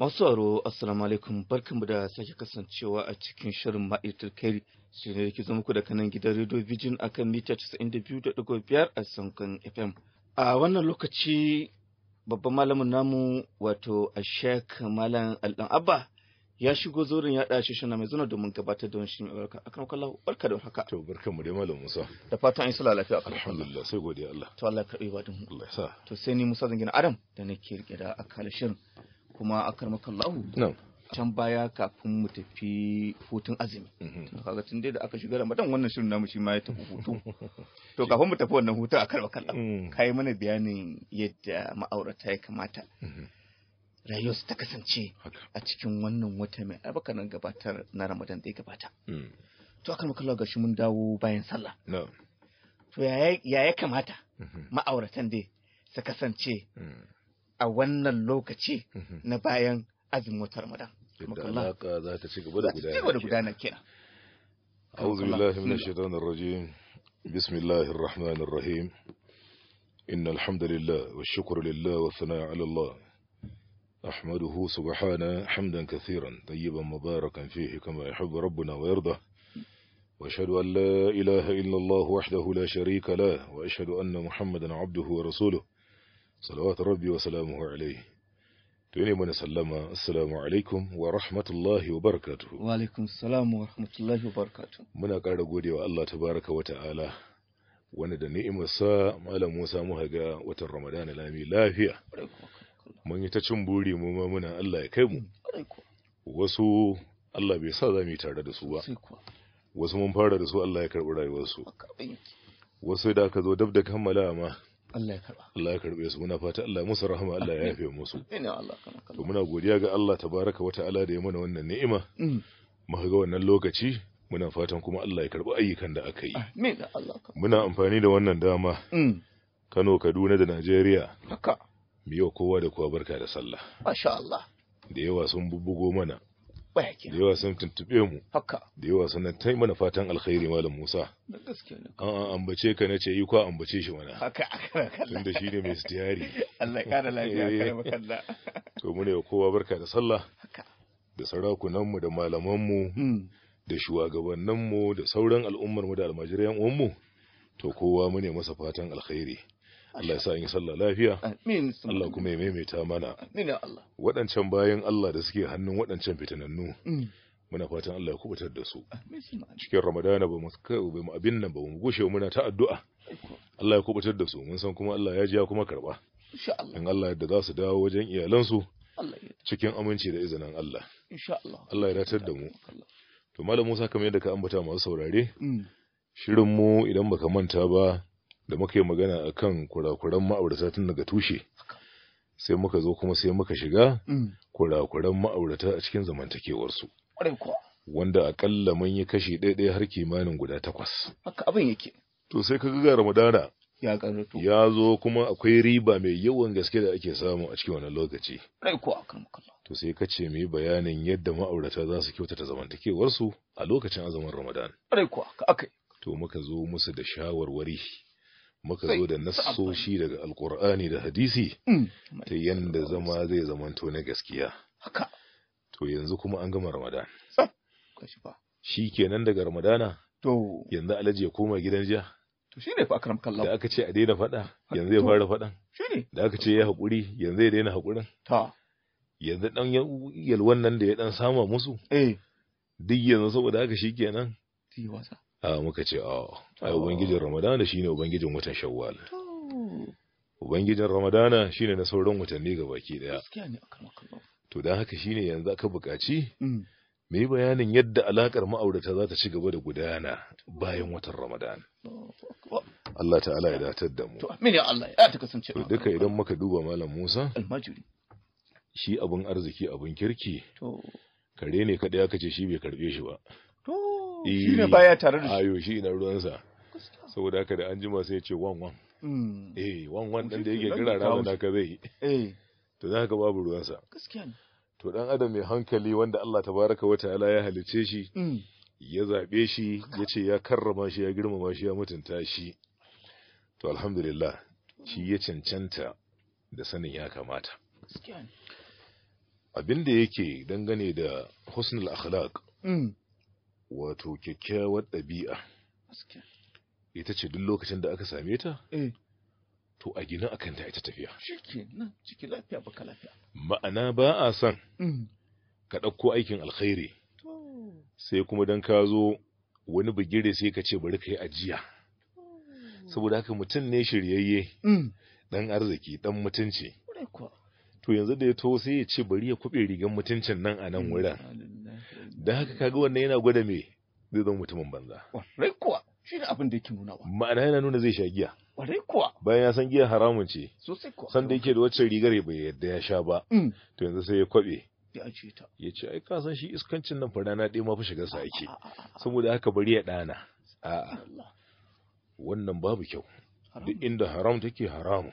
Masu aro assalamu alaikum barkanmu da sake kasancewa a cikin shirin ma'aikatar kairi shi ne da zama ku da kanan gidan Radio Vision akan mita 92.5 a Sankan FM. A wannan lokaci babban malamin namu wato a shek Malam Aldan Abba ya shigo zurin ya dace shi mai zuna domin gabatar da wani shirin barka kan kwallo barka da haka to barkan mu dai malam Musa da fatan an sala lafiya alhamdulillah sai godiya Allah to Allah karbi ba dun Allah ya sa to sai ni Musa zan gina Adam da nake rike da akalin shirin kuma akarmakallahu can baya kafin mu tafi hutun azumi mhm. kaga tun dai da aka shiga ramadan wannan shirin namu shi ma ya tafi hutu to kafin mu tafi wannan hutu a karba kallon mm. kai mana bayanin yadda ma'aurata ya kamata mhm. su ta kasance a cikin wannan wata mai albarka nan gabatar na ramadan da ya gabata mm. to akan ga shi mun dawo bayan sallah to ya ya kamata mhm. ma'auratan dai su kasance mm. a wannan lokaci na bayan azumin watan Ramadan. Yadda alaka za ta ci gaba da gudana. Ci gaba da gudana kenan. أعوذ بالله من الشيطان الرجيم بسم الله الرحمن الرحيم إن الحمد لله والشكر لله والثناء على الله أحمده سبحانه حمدا كثيرا طيبا مباركا فيه كما يحب ربنا ويرضى وأشهد أن لا إله إلا الله وحده لا شريك له وأشهد أن محمدا عبده ورسوله salawatu rabbi wa salamuhu alaihi to ne mana sallama assalamu alaikum wa rahmatullahi wa barakatuhu wa alaikum salamu wa rahmatullahi wa barakatuhu muna ƙara godewa Allah ta baraka wa ta'ala wanda da ni'imarsa malam Musa mu haga watan Ramadan lami lafiya mun yi ta cin buri mu ma muna Allah ya kai mu wasu Allah bai sa za mu yi tare da su ba wasu mun fara da su Allah ya karɓi rayuwarsu wasu da aka zo dab da kammala ma Allah ya karba Allah ya su muna fata Allah musu rahama Allah ya yafe musu ina to muna godiya ga Allah tabaraka wata ta'ala da ya mana wannan ni'ima mm. muka ga wannan lokaci muna fatan kuma Allah ya karɓi ayyukan da aka yi muna amfani da wannan dama mm. Kano Kaduna da Najeriya haka biyo kowa da kowa barka da sallah da yawa sun bubbugo mana da yawa sun tuntube mu haka da yawa sun tai mana fatan alkhairi malam Musa gaskiya ne an ambace ka ce yi kwa ambace shi mana haka da shi ne mai stiyari. Allah kara lafiya eh. kare makalla to mu ne kowa barka da sallah haka da sarakunanmu da malamanmu. Hmm. da shugabanninmu da sauran al'ummarmu da almajiran uwanmu. to kowa mu ne masa fatan alkhairi Allah ya sa in sallah lafiya Allah kuma ya maimaita mana waɗancan bayan Allah da suke hannun waɗancan fitanannu mm. muna fatan Allah ya kubutar da su cikin ramadana ba mu abin nan ba mu gushe muna ta addu'a Allah ya kubutar da su mun san kuma Allah ya ji ya kuma karba in Allah yadda za su dawo wajen iyalansu cikin aminci da izinin Allah Allah ya datar da mu to malam Musa kamar yadda ka ambata masu saurare mm. shirin mu idan baka manta ba da muka yi magana a kan kurakuran ma'aurata tun daga tushe sai muka zo kuma sai muka shiga mm. kurakuran ma'aurata a cikin zamantakewarsu wanda akalla mun yi kashi ɗaya har kimanin guda takwas haka abin to sai ka ga ramadana ya zo kuma akwai riba mai yawan gaske da ake samu a cikin wannan lokaci ko akan to sai ka ce mai bayanin yadda ma'aurata za su kyautata zamantakewarsu a lokacin azumin Ramadana, to muka zo musu da shawarwari muka zo da nassoshi daga alkur'ani da hadisi mm. ta yanda zama zai zamanto na gaskiya to yanzu kuma an gama ramadan shi kenan daga ramadana to yanzu alaji ya koma gidan jiya to shine fa akram kallahu da aka ce a daina faɗa yanzu ya fara faɗan shine da aka ce ya haƙuri yanzu ya daina haƙurin ta yanzu dan yalwan nan da ya dan sama musu eh duk yanzu saboda haka shikenan ti wasa muka ce a ai ubangijin ramadana shine ubangijin watan shawwal ubangijin ramadana shine na sauran watanni ga baki daya to dan haka shine yanzu aka buƙaci mai mm. bayanin yadda alakar ma'aurata za ta ci gaba da gudana bayan watan Ramadana? Allah ta'ala ya datar da mu to amin ya Allah ya ta kasance duka idan muka duba malam Musa almajuri shi abun arziki abun kirki to kare ne kada ya ce shi bai karbe shi ba Eh, shi ne baya tare da shi ayo shi ruwansa saboda haka da an sai ya ce wan wan hmm. eh wan wan dan da yake kira rawan da ka zai eh to za ka babu ruwansa gaskiya ne to dan adam mai hankali wanda Allah tabaraka wa ta'ala ya halice shi hmm. ya zabe shi ya ce ya karrama shi ya girmama shi ya mutunta shi to alhamdulillah shi ya cancanta da sanin ya kamata abin da yake dangane da husnul akhlaq hmm. wato kyakkyawar ɗabi'a ita ce duk lokacin da aka same ta eh. to a gina akan ta ita tafiya ciki lafiya baka lafiya ma'ana ba a son mm. ka ɗauko aikin alkhairi sai kuma don ka zo wani bigire sai ka ce bari ka yi ajiya saboda haka mutum ne shiryayye mm. ɗan arziki ɗan mutunci to yanzu da ya to sai ya ce bari ya kuɓe rigan mutuncin nan a nan mm, wurin da haka kaga wannan yana gwada me zai zama mutumin banza ƙwarai kuwa shi ne abin da yake nuna wa ma'ana yana nuna zai sha giya ƙwarai kuwa bayan ya san giya haramun ce sosai kuwa san da yake da wacce rigar bai yarda ya sha ba mm. to yanzu sai ya kwabe ya ce ta ya ce ai ka san shi iskancin nan fara na ɗaya ma fi shigar sa ah, ah, ake ah, saboda haka bari ya ɗana a'a wannan babu kyau duk inda haram take haramun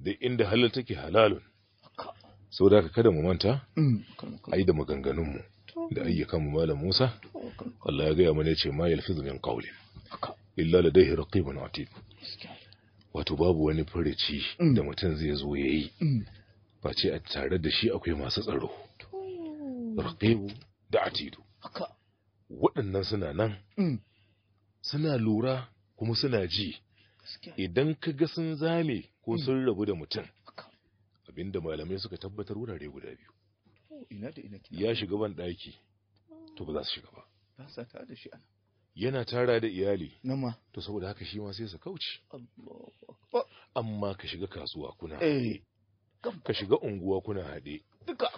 duk inda halal take halalun saboda haka kada mu manta mm, ai da maganganunmu da ayyukan malam Musa Allah ya gaya mana yace ma yalfiz min qawli illa ladayhi raqibun atid wato babu wani furici mm. da mutum zai zo yayi mm. ce a tare da shi akwai masu tsaro raqibu da atidu waɗannan suna nan mm. suna lura kuma suna ji idan ka ga sun zame ko sun rabu da mutum abinda malamai suka tabbatar wurare guda biyu ya shiga ban daki to ba za su shiga ba ba sa tare da shi ana yana tara da iyali nama to saboda haka shi ma sai su kauce amma ka shiga kasuwa kuna eh, ka shiga unguwa kuna haɗe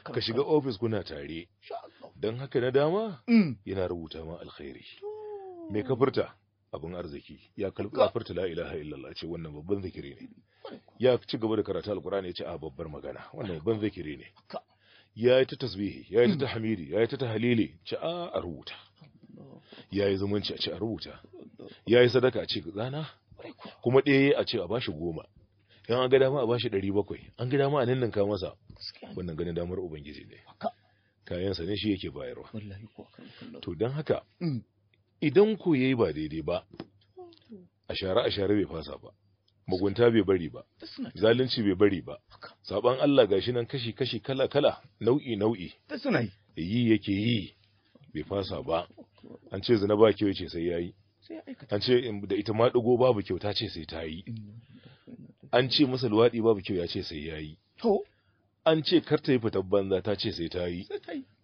ka shiga ofis kuna tare don haka na dama mm. yana rubuta ma alkhairi Me ka furta, abin arziki ya furta, la ilaha illallah ce wannan babban zikiri ne ya ci gaba da karatu alkurani ya ce a babbar magana wannan babban zikiri ne Ya yi ta tasbihi ya yi ta hmm. tahmidi yi ta tahlili ci a rubuta Ya yi zumunci a ci a rubuta yi sadaka a ce zana kuma ɗaya a ce a bashi goma yan an ga dama a bashi ɗari bakwai an ga dama a nan ka masa wannan ganin damar ubangiji ne kayansa ne shi yake bayarwa to don haka hmm. idan ko yayi ba daidai ba hmm. a share a share bai fasa ba mugunta bai bari ba zalunci bai bari ba saban Allah gashi nan kashi kashi kala kala nau'i nau'i yi yake yi bai fasa ba an ce zina ba kyau ce sai yayi an ce da ita ma dugo babu kyau ta ce sai ta yi mm. an ce masa luwaɗi babu kyau ya ce sai yayi an ce kar ta yi fitar banza ta ce sai ta yi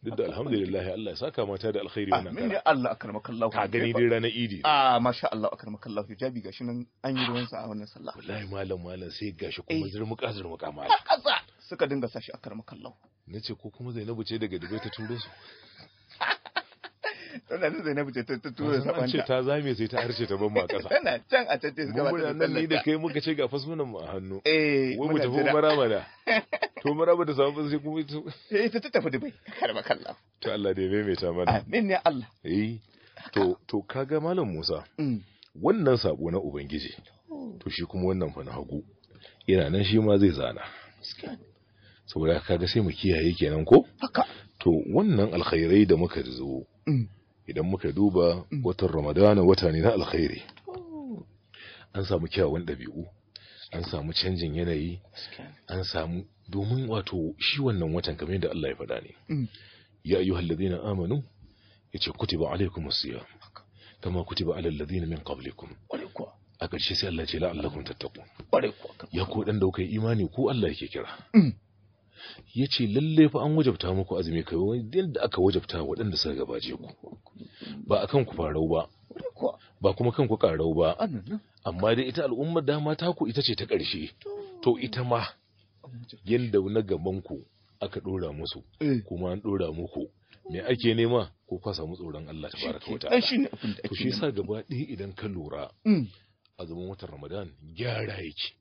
duk da alhamdulillah Allah ya saka mata da alkhairi wannan amin ya Allah Allah ka gani dai ranar idi a ah, masha Allah akramakallahu hijabi gashi nan an yi ruwan sa a wannan sallah wallahi malam malam sai gashi kuma eh. zurmuka zurmuka malam suka dinga sashi Allah nace ko kuma Zainabu ce daga Dubai ta turo su tana da Zainabu ce ta tura saban ta ta zame sai ta harshe ta ban ma kasa tana can a tace su gaba ta nan ne da kai muka ce ga fasmunan mu a hannu eh wai mu tafi umara mana to umara ba ta samu ba sai kuma eh ta tafi dubai har ba kallah to Allah da ya maimaita mana amin ya Allah eh to to kaga malam Musa mm. wannan sabo na ubangiji oh. to shi kuma wannan fa na hagu ina nan shi ma zai zana saboda kaga sai mu kiyaye kenan ko haka to wannan alkhairai da muka zo mm. idan muka duba mm. watan ramadana wata ne na alkhairi an samu kyawun ɗabi'u an samu canjin yanayi an samu domin wato shi wannan watan kamar yadda Allah ya faɗa ne mm. ya ayyuhal halladina amanu ya yace kutiba alaikumus siyam kama kutiba alal ladina min qablikum a ƙarshe sai Allah ce la'allakum tattaqun ya ko dan da kai imani ku Allah yake kira mm. ya ce lalle fa an wajabta muku azumi kai wani yadda aka wajabta waɗanda suka gabace ku ba a kanku farau ba ba kuma kanku karau ba amma dai ita al'ummar dama ta ku ita ce ta ƙarshe to ita ma yadda na gaban ku aka ɗora musu eh. kuma an ɗora muku me ake nema ko ka samu tsoron Allah tabaraka wata to shi sa gaba ɗaya idan ka lura mm. azumin watan Ramadan gyara yake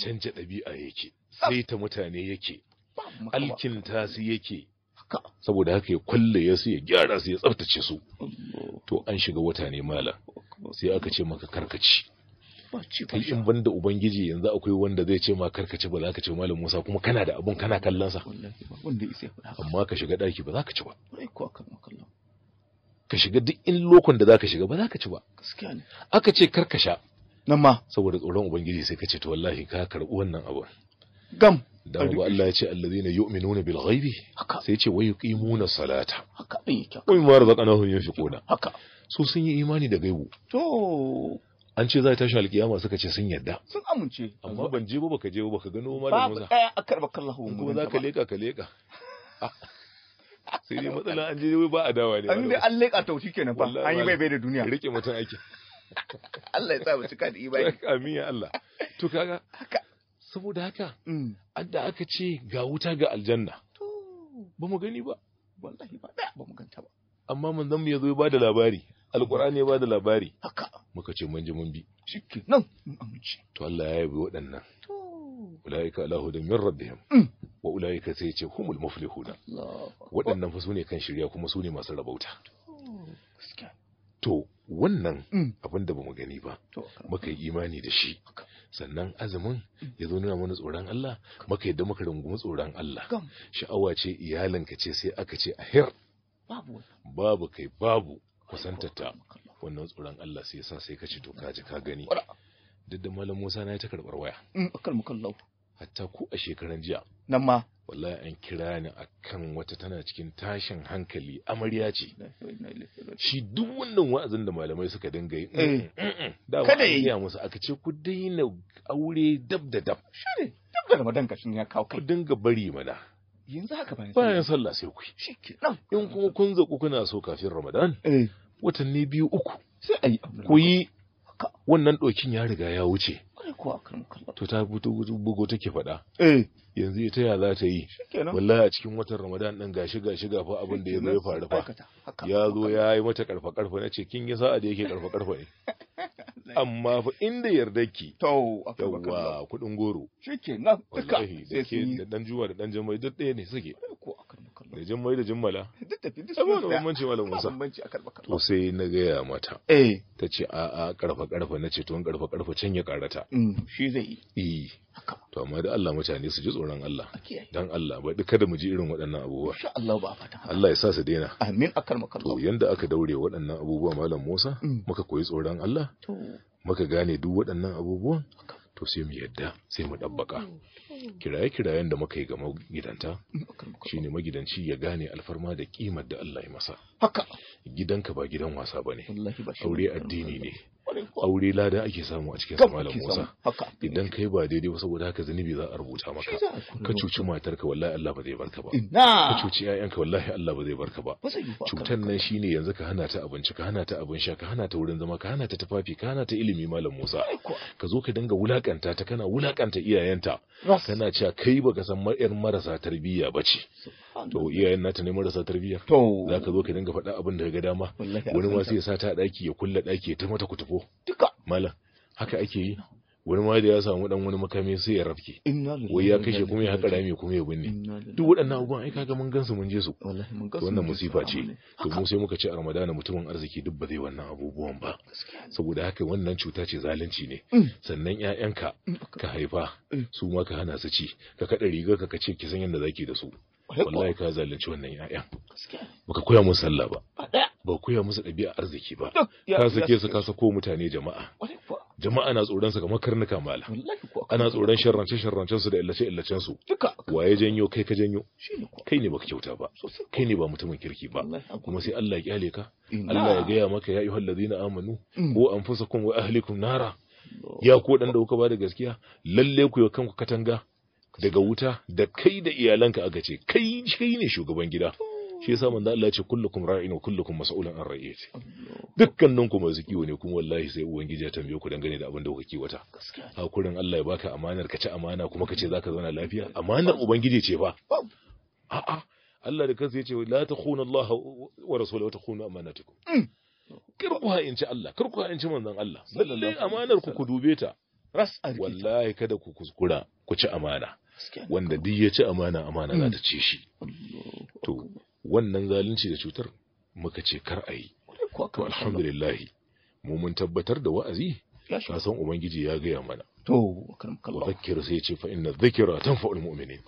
canja ɗabi'a yake saita mutane yake alkinta su yake saboda haka ya kwalle ya su ya gyara su ya tsaftace su to an shiga wata ne mala sai aka ce maka karkaci kai in banda ubangiji yanzu akwai wanda zai ce ma karkaci ba za ka ce malam Musa kuma kana da abun kana kallon sa amma ka shiga daki ba za ka ci ba ka shiga duk in lokon da za ka shiga ba za ka ci ba aka ce karkasha nan ma saboda tsoron ubangiji sai ka ce to wallahi ka karɓi wannan abun gam da ba Allah ya ce allazina yu'minuna bil ghaibi sai ya ce wa yuqimuna salata haka ai kyau kuma ma shi yunfiquna haka su sun yi imani da gaibu to an ce za ta tashi alkiyama suka ce sun yadda sun amince amma ban je ba baka je ba baka gano ma da musa ba akarbaka Allahu kuma za ka leka ka leka sai dai matsala an je ba adawa ne an dai an leka taushi kenan fa an yi bai bai da duniya rike mutum ake Allah ya sa mu cika da imani amin ya Allah to kaga haka saboda haka mm. adda aka ce ga wuta ga aljanna To ba mu gani ba wallahi ba ba mu ganta ba amma manzon mu yazo ya bada labari alqur'ani ya bada labari haka muka ce mun ji mun bi shike nan mun amince. to Allah ya yabi waɗannan To. ulaika Allahu da min rabbihim mm. wa ulaika sai ce humul muflihuna waɗannan fa sune kan shirya kuma sune masu rabauta to wannan mm. abin da bamu gani ba muka yi imani da shi sannan azumin mm. ya zo nuna mana tsoron Allah muka yadda muka rungumi tsoron Allah sha'awa ce iyalinka ce sai aka ce ahir babu kai babu kusantata wannan tsoron Allah sai yasa sai ka ce to ji ka gani duk da malam Musa na ya ta karbar waya mm, hatta ku a shekaran jiya nan ma wallahi an kira ni akan wata tana cikin tashin hankali amarya ce shi duk wannan wa'azin da malamai suka dinga yi eh. mm, mm, mm, da kada ya musu aka ce ku daina aure dab da dab shine dab da ramadan kashin ya kawo kai ku dinga bari mana yanzu haka bayan bayan sallah sai ku shikenan in kuma kun zaku kuna so kafin ramadan eh. watanni biyu uku sai ayi ku yi wannan dokin ya riga ya wuce to ta bugo take faɗa eh yanzu ita ya za ta yi wallahi a cikin watan ramadan din gashi gashi fa abin da ya zo ya faru fa ya zo ya yi mata karfa karfa na ce kin yi sa'a da yake karfa karfa ne amma fa inda yardarki to yawwa kudin goro shikenan duka sai da dan Juma da dan jama'i duk ɗaya ne suke da jimmai da jimmala duk tafi duk da bambanci malam Musa bambanci a karba to sai na gaya mata eh ta ce a a karfa karfa na ce to karfa karfa can ya karata mm. shi zai yi eh to amma da Allah mutane su ji tsoron Allah dan Allah bai kada mu ji irin waɗannan abubuwa insha Allah ba fata Allah ya sa su daina amin a akal makallahu to yanda aka daure waɗannan abubuwa malam Musa mm. muka koyi tsoron Allah to muka gane duk waɗannan abubuwan to sai mu yadda sai mu dabbaka mm. kiraye-kirayen da muka yi ga magidanta ne magidanci ya gane alfarma da kimar da Allah ya masa gidanka ba gidan wasa ba ne. aure addini ne aure lada ake samu a cikin malam Musa idan kai ba daidai ba saboda haka zunubi za a rubuta maka ka cuci matarka wallahi Allah ba zai barka ba ka cuci ƴaƴanka wallahi Allah ba zai barka ba cutan nan shine yanzu ka hana ta abinci ka hana ta abin sha ka hana ta wurin zama ka hana ta tufafi ka hana ta ilimi malam Musa ka zo ka dinga wulakanta ta kana wulakanta iyayenta kana cewa kai baka san ƴar marasa tarbiyya bace to iyayen nata ne marasa tarbiyya za ka zo ka dinga faɗa abin da ga dama wani ma sai ya sata ta ɗaki ya kulla ɗaki ya ta mata kutufo duka malam haka ake yi wani ma da ya samu dan wani makami sai ya rafke wai ya kashe kuma ya haƙa rami kuma ya binne duk waɗannan abubuwan ai kaga mun gansu mun je su wannan musifa ce to mu sai muka ci a ramadana mutumin arziki duk ba zai wannan abubuwan ba saboda haka wannan cuta ce zalunci ne mm. sannan ƴaƴanka mm, ka haifa mm. su ma ka hana su ci ka kaɗa rigar ka kace ce ki san yadda zaki da su wallahi ka zalunci wannan 'ya'yan. baka koya musu sallah ba ba koya musu ɗabi'a arziki ba ka sake su ka sako mutane jama'a jama'a na tsoron su kamar karnuka mala ana tsoron sharrance sharrancen su da illace illacen su waye janyo kai ka janyo kai ne baka kyauta ba kai ne ba mutumin kirki ba kuma sai Allah ya kyale ka Allah ya gaya maka ya ayyuhal ladina amanu ko mm. anfusakum wa ahlikum nara ya ku dan da kuka ba da gaskiya lalle ku yi kanku katanga daga wuta da kai da iyalanka aka ce kai kai ne shugaban gida shi yasa manzo Allah ce kullukum ra'in wa kullukum mas'ulun an ra'iyati dukkanin ku masu ne kuma wallahi sai ubangiji ya tambaye ku dangane da abin da kuka kiwata hakurin Allah ya baka amanar ka ci amana kuma ka ce zaka zauna lafiya amanar ubangiji ce fa a'a Allah da kansa yace la takhuna Allah wa rasulahu wa takhuna amanatukum mm. kar ku ha'inci Allah kar ku ha'inci manzon Allah lalle amanar ku ku dube ta ras wallahi kada ku kuskura ku ci amana wanda duk ya ci amana amana za ta ci shi to wannan zalunci da cutar muka ce kar a yi to alhamdulillah mu mun tabbatar da wa'azi ka san ubangiji ya gaya mana to wa zakir sai ce fa inna dhikra tanfa'ul mu'minin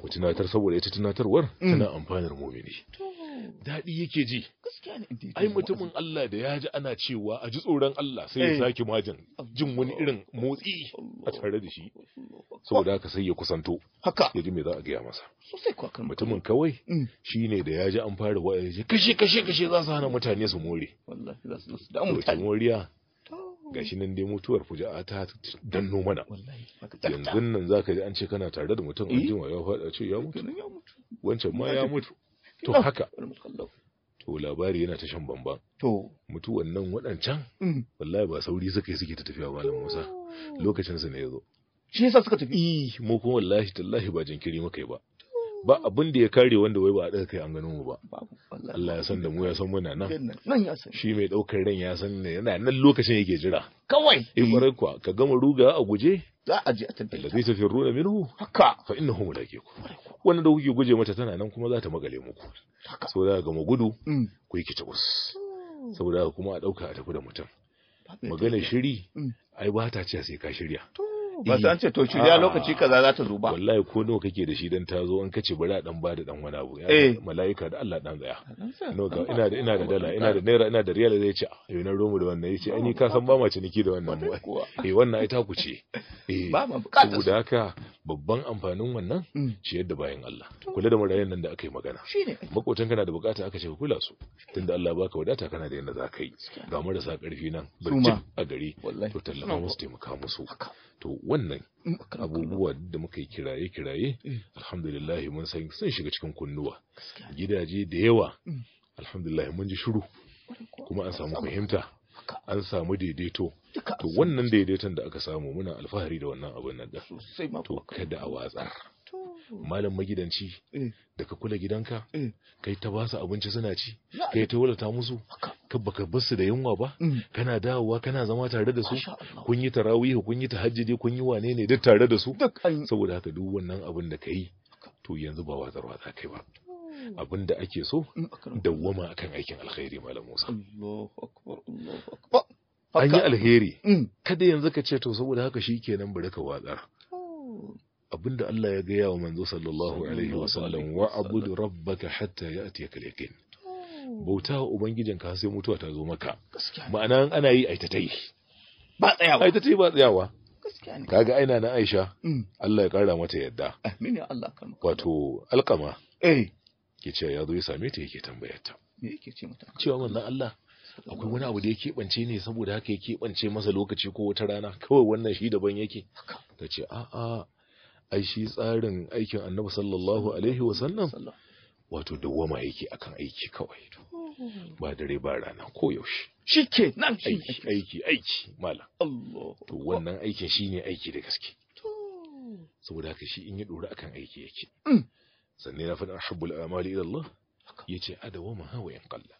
ku tunatar saboda ita tunatarwar mm. tana amfanar mu'mini daɗi yake ji ai mutumin Allah da ya ji ana cewa a ji tsoron Allah sai ya eh. sake majin jin wani irin motsi a tare da shi saboda haka sai ya kusanto haka ya ji me za a gaya masa sosai kuwa kan mutumin kawai mm. shine da ya ji an fara wa'azi ji kashe kashe kashe za su hana mutane su more wallahi su da mutane gashi nan dai mutuwar fuja'a ta danno mana yanzu nan zaka ji an ce kana tare da mutum an eh? jima ya faɗa ce ya mutu wancan ma ya mutu to haka to labari yana ta shan bamban to mutuwan nan waɗancan mm. wallahi ba sauri suka yi suke ta tafiya malam Musa lokacin su ne yazo shi yasa suka tafi eh mu kuma wallahi tallahi ba jinkiri muka yi ba ba abin da ya kare wanda wai ba a daga kai an gano mu ba Allah ya san da mu ya san muna nan nan ya san shi mai daukar ran ya san yana nan lokacin yake jira kawai in eh, bare kuwa ka gama ruga a guje za a je a tabbata da zai tafi ruwa minhu haka fa innahu mulaqiku wannan da kuke guje mata tana nan kuma za ta magale muku so da ga mu gudu mm. ku yi kitabus oh. saboda kuma a dauka a tafi da mutum magana shiri mm. ai ba ta ce sai ka shirya ba su an ce to shirya ah. lokaci kaza za ta zo ba wallahi ko nawa kake da shi dan ta zo an kace bari a dan ba da dan wani abu eh. mala'ika da Allah dan tsaya ina da ina da dala ina da naira ina da riyal zai ce ah, yau na romu da wannan yace ani ka san ba ma ciniki da wannan eh wannan ai ta ku ce eh ba ma su da ka babban amfanin wannan shi mm. yadda bayan Allah kula da marayun nan da aka yi magana makotan kana da bukata aka ce ka kula su tunda Allah baka wadata kana da yanda za ka yi ga marasa karfi nan barci a gari to tallafa musu taimaka musu to wannan abubuwa da muka yi kiraye kiraye mm. alhamdulillah mun san sun shiga cikin kunnuwa gidaje da yawa mm. alhamdulillah mun ji shiru kuma an samu fahimta an samu daidaito to wannan daidaiton da aka samu muna alfahari da wannan abin nan da to kada a watsa. malam magidanci eh. da ka kula gidanka eh. kai ta basu abinci suna ci kai ta wulata musu ka baka basu da yunwa ba mm. kana dawowa kana zama tare da su kun yi tarawih kun yi tahajjudi kun yi wane ne duk tare da su saboda haka duk wannan abin da kai to yanzu ba zarwa za kai ba abin da ake so dawwama akan aikin alkhairi malam Musa an yi alheri mm. kada yanzu ka ce to saboda haka shi kenan bari ka watsar abinda Allah ya gaya wa manzo sallallahu alaihi wa sallam wa abudu rabbaka hatta ya'tiyaka al-yaqin bauta wa ubangijinka sai mutuwa ta zo maka ma'ana ana yi ai ta tai ba tsayawa ai ta tai ba tsayawa kaga aina na Aisha mm. Allah ya kara mata yadda amin ya Allah karma wato alqama eh kice ya zo ya same ta yake tambayar ta me yake ce mata cewa wannan Allah akwai wani abu da ya keɓance ne saboda haka ya keɓance masa lokaci ko wata rana kawai wannan shi daban yake ta ce a'a ai shi tsarin aikin annabi sallallahu alaihi wasallam wato dawwama yake akan aiki kawai oh. ba dare ba rana ko yaushe shike nan aiki aiki aiki malam to wannan aikin shine aiki da gaske saboda haka shi in ya dora akan aiki yake mm. sannan na faɗin ahabbul amali ila Allah yace adawama hawa yan qalla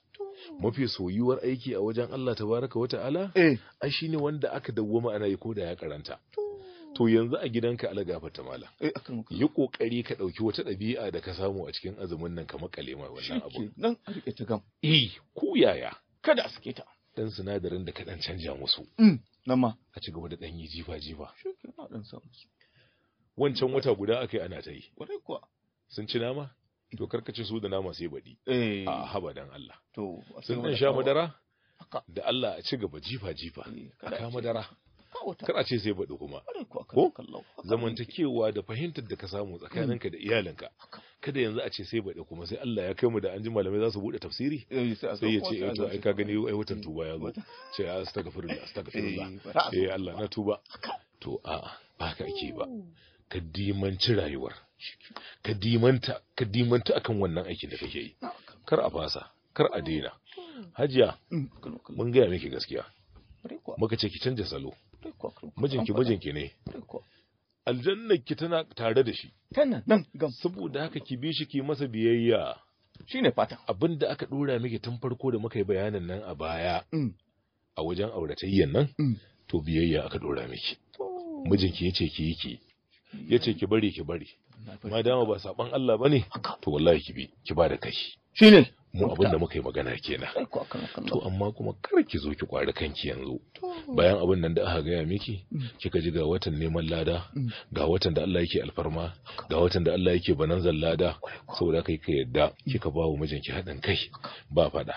mafi soyuwar aiki a wajen Allah tabaraka wa ala eh. ai ne wanda aka dawwama ana yi ko da ya karanta to yanzu a gidanka ala gafarta mala eh, yi kokari ka dauki wata ɗabi'a da ka samu a cikin azumin nan ka makale ma wannan abu nan a rike ta gam eh ku yaya kada a sake ta dan sinadarin da ka dan canja musu mm, nan ma a ci gaba da dan yi jifa jifa wancan wata guda akai ana ta yi sun ci nama to karkace su da nama sai baɗi eh. a ah, haba dan Allah to sun dan sha madara da Allah a ci gaba jifa jifa eh, a ka madara kar a ce sai baɗi kuma ko zamantakewa da fahimtar da ka samu tsakaninka da mm. iyalinka kada yanzu a ce sai baɗi kuma sai Allah ya kai mu da an ji malamai za su buɗe tafsiri eh, sai ya ce eh, to ai ka gani ai watan tuba ya zo ce ah, astaghfirullah astaghfirullah eh, eh Allah na tuba to a ba ka ake ba ka dimanci rayuwar ka dimanta ka dimanta akan wannan aikin da kake yi kar a fasa kar a daina mm. hajiya mm, mun gaya miki gaskiya muka ce ki canja salo mijinki mijinki ne aljannar ki tana tare da shi tana nan gam saboda haka ki bi shi ki masa biyayya shine fata abin da aka ɗora miki tun farko da muka yi bayanin nan a baya mm. a wajen auratayyan nan mm. to biyayya aka dora miki mijinki yace ki yi ki yace ki bari ki bari madama ba saban Allah bane to wallahi ki bi ki ba da kai shine mu abin da muka yi magana kenan to amma kuma kar ki zo ki kwari kanki yanzu bayan abin nan da aka gaya miki mm. kika ji ga watan neman lada mm. ga watan da Allah yake alfarma ga watan da Allah yake bananzan lada saboda kai ka yadda mm. kika ba wa mijinki haɗin kai ba fada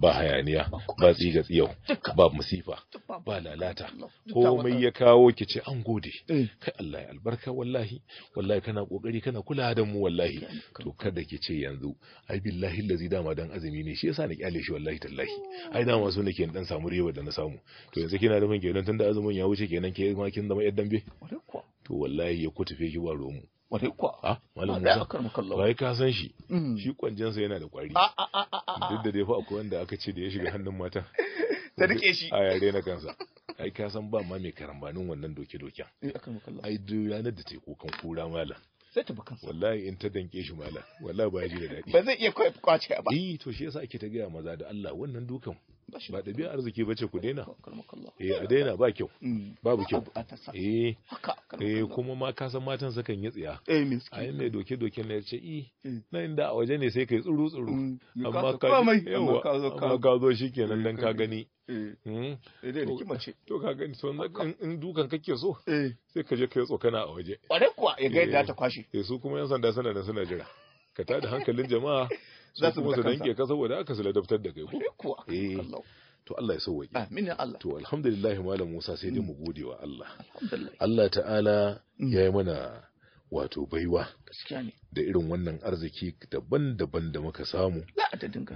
ba hayaniya ba tsiga tsiyau ba musifa ba lalata komai ya kawo ki ce an gode eh. kai Allah ya albarka wallahi wallahi kana kokari kana kula da mu wallahi to kada ki ce yanzu ai billahi dama dama dan azumi ne shi yasa na kyale shi wallahi tallahi ai dama so nake dan samu riba da na samu to yanzu kina da mun kenan tunda azumin ya wuce kenan ke ma kin zama yaddan be to wallahi ya ku tafe ki ba romu wadai kwa a ah, malam musa bai ka san shi mm. shi kwanjansa yana da kwari ah, ah, duk da dai fa akwai wanda aka ce da ya shiga hannun mata ta rike shi a yare na kansa ai ka san ba ma mai karambanin wannan doke-doken eh, ai duk ranar da teku kan kukan kura malam sai ta bukan wallahi in ta danke shi mala wallahi ba ji da daɗi ba zai iya kwace ba eh to shi yasa ake ta gaya maza da Allah wannan dukan ba ɗabi'a arziki bace ku daina eh a daina ba kyau babu kyau eh kuma ma ka san matan sakan yi tsiya a yi mai doke doke na yace i na inda a waje ne sai kai tsuru tsuru amma ka amma ka zo shikenan dan ka gani to ka gani so in dukan kake so sai ka je kai tsokana a waje kware kuwa ya ga yadda ta kwashe su kuma yan sanda suna da suna jira ka tada hankalin jama'a za su kuma su danke ka saboda aka su ladabtar da kai ko eh to Allah ya sauwaƙe amin ya Allah to alhamdulillah malam Musa sai dai mu mm. gode wa Allah Allah ta'ala mm. ya yi mana wato baiwa da irin wannan arziki daban-daban da muka samu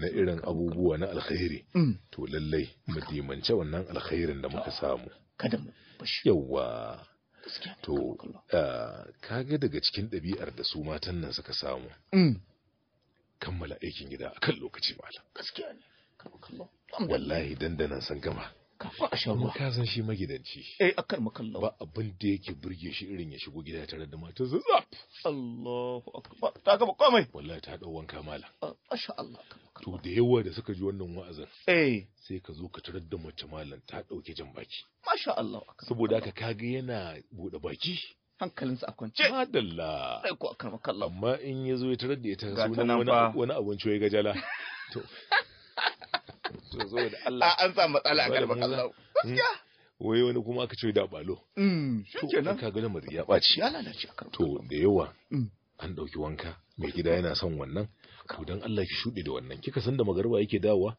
na irin abubuwa na alkhairi mm. to lallai mu dimance wannan alkhairin da muka samu yawwa to kaga eh, daga cikin ɗabi'ar da su matan nan suka samu mm. kammala aikin gida a kan lokaci malam wallahi dandanan san gama ba a sha ruwa ka san shi magidanci eh akar makalla ba abin da yake burge shi irin ya shigo gida tare da matar sa zap Allahu akbar ta gaba komai wallahi ta dau wanka mala masha Allah to da yawa da suka ji wannan wa'azin eh sai ka zo ka tarar da mace malam ta dauke jan baki masha Allah saboda haka kaga yana bude baki hankalinsa a kwance. Madalla. Sai ko akar makalla. Amma in ya zo ya tarar da ita sunan wani abincin ya gajala. To. Ah, hmm. wai wani kuma aka ce da balo hmm, ka ya baci ya lalace to da yawa hmm. an dauki wanka mai gida yana son wannan to dan Allah ki shuɗe da wannan kika san da magarba yake dawowa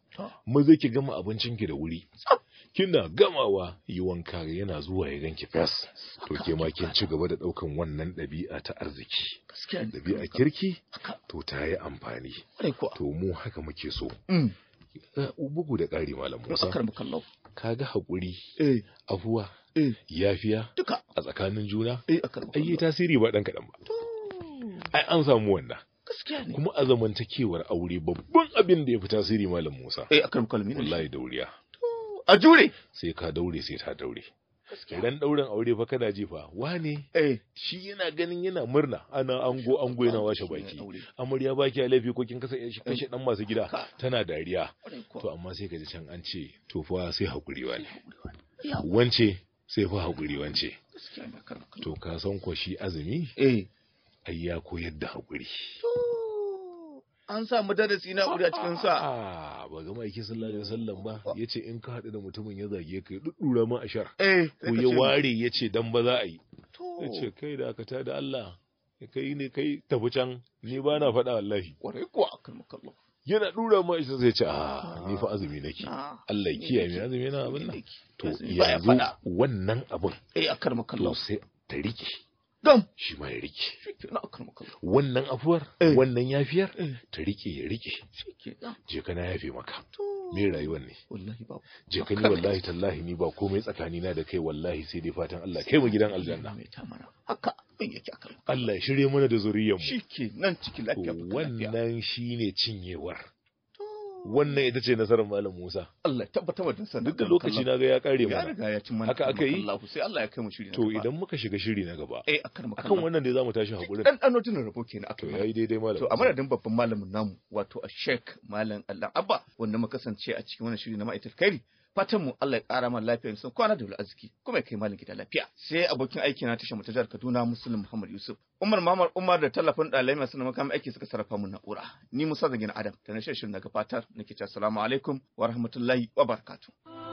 maza ki gama abincin ki da wuri kina gamawa yi wanka yana zuwa ya ganki fas to ke ma kin ci gaba da daukan wannan ɗabi'a ta arziki dabi'a kirki to ta yi amfani to mu haka muke so Eh, bugu da ƙari malam Musa kaga haƙuri eh. afuwa eh. yafiya a tsakanin juna ayi tasiri ba ɗan kaɗan ba ai an samu wannan kuma a zamantakewar aure babban abin da ya fi tasiri malam Musa eh wallahi dauriya a jure sai ka daure sai ta daure Idan ɗaurin aure fa kana ji fa wane eh. shi yana ganin yana murna ana ango ango yana washe baki amarya baki a laifi ko kin kasa kashe dan masu gida tana dariya to amma sai ka ji can an ce to fa sai hakuri wane wance sai fa hakuri wance to ka san ko shi azumi eh. ai ya koyar da hakuri an samu darasi na a cikin sa ah, ba ga ma'aiki sallallahu alaihi wasallam ba yace in ka haɗu da mutumin ya zage ka duddura ma ashar eh, ko ya ware yace dan ba za a yi yace kai da aka tada Allah kai ne kai tafi can ni ba na faɗa wallahi kwarai kuwa akan makallo yana dura ma isa zai ce a ah, ni fa ah. azumi nake Allah ya kiyaye ni azumi na abin nan to yanzu wannan abin eh akar makallo sai ta rike don shi ma ya rike wannan afuwar eh. wannan yafiyar eh. ta rike ya rike je kana yafe maka me rayuwar ne wallahi ba je ka ni wallahi tallahi ni ba komai tsakani na da kai wallahi sai dai fatan Allah kai mu gidan aljanna haka abin yake akan Allah ya shirye mana da zuriyar mu nan cikin lafiya wannan shine cinyewar wannan ita ce nasarar malam Musa Allah tabbatar da sanar duk da lokaci na ga ya kare mana ya ya cin mana haka aka yi Allah sai Allah ya kai mu shiri to idan muka shiga shiri na gaba eh akan kan wannan da zamu tashi hakuri dan dan notin rabo kenan akan yayi daidai malam to a madadin babban malamin namu wato a Sheikh Malam Allah Abba wanda muka kasance a cikin wannan shiri na ma'aikatar kairi fatan mu Allah ya ƙara mana lafiya sun kwana da arziki kuma ya kai malin gida lafiya sai abokin aiki na tashar ta jihar Kaduna Muslim Muhammad Yusuf Umar Muhammad Umar da tallafin ɗalibai masu nama kamar aiki suka sarrafa mun na'ura ni Musa Zagin Adam ta na shirin na fatar nake cewa assalamu alaikum wa rahmatullahi wa barakatuh